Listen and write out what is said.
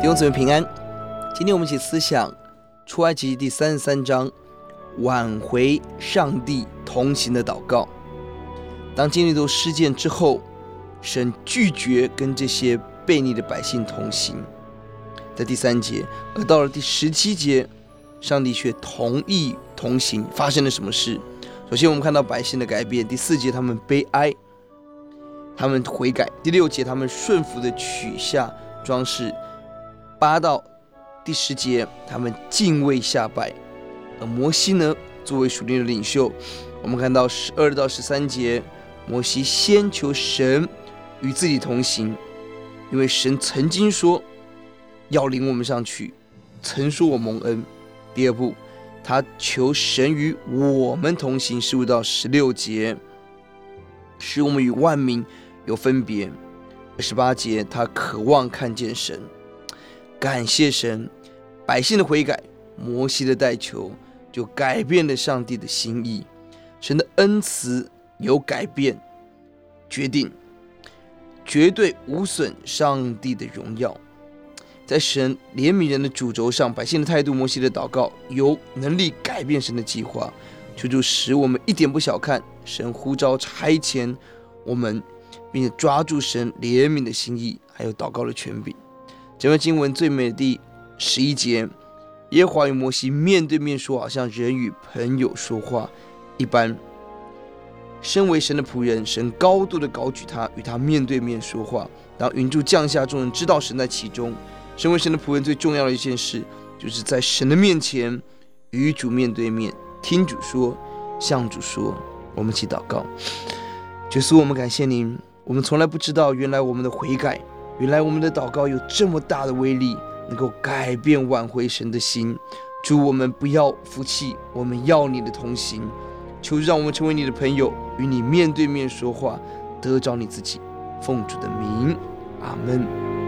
弟兄姊妹平安，今天我們一起思想出埃及第三十三章，挽回上帝同行的禱告。當經歷了事件之後，神拒絕跟這些悖逆的百姓同行，在第三節，而到了第十七節，上帝卻同意同行。發生了什麼事？首先，我們看到百姓的改變。第四節，他們悲哀，他們悔改；第六節，他們順服的取下裝飾。八到第十節，他們敬畏下拜。而摩西呢，作為屬靈的領袖，我們看到十二到十三節，摩西先求神與自己同行，因為神曾經說要領我們上去，曾說我蒙恩。第二步，他求神與我們同行，十五到十六節，使我們與萬民有分別。十八節，他渴望看見神。感謝神，百姓的悔改，摩西的代求，就改變了上帝的心意。神的恩慈有改變，決定絕對無損上帝的榮耀。在神憐憫人的主軸上，百姓的態度，摩西的禱告，有能力改變神的計劃。這就，就使我們一點不小看神呼召差遣我們，並且抓住神憐憫的心意，還有禱告的權柄。整個經文最美的第十一節，耶和華與摩西面對面說，好像人與朋友說話一般。身為神的僕人，神高度的高舉他，與他面對面說話。當雲柱降下，眾人知道神在其中。身為神的僕人，最重要的一件事，就是在神的面前與主面對面，聽主說，向主說。我們祈禱告，主所我們感謝您。我們從來不知道，原來我們的悔改。原來我們的禱告有這麼大的威力，能夠改變挽回神的心。主，我們不要福氣，我們要你的同行。求讓我們成為你的朋友，與你面對面說話，得着你自己。奉主的名，阿門。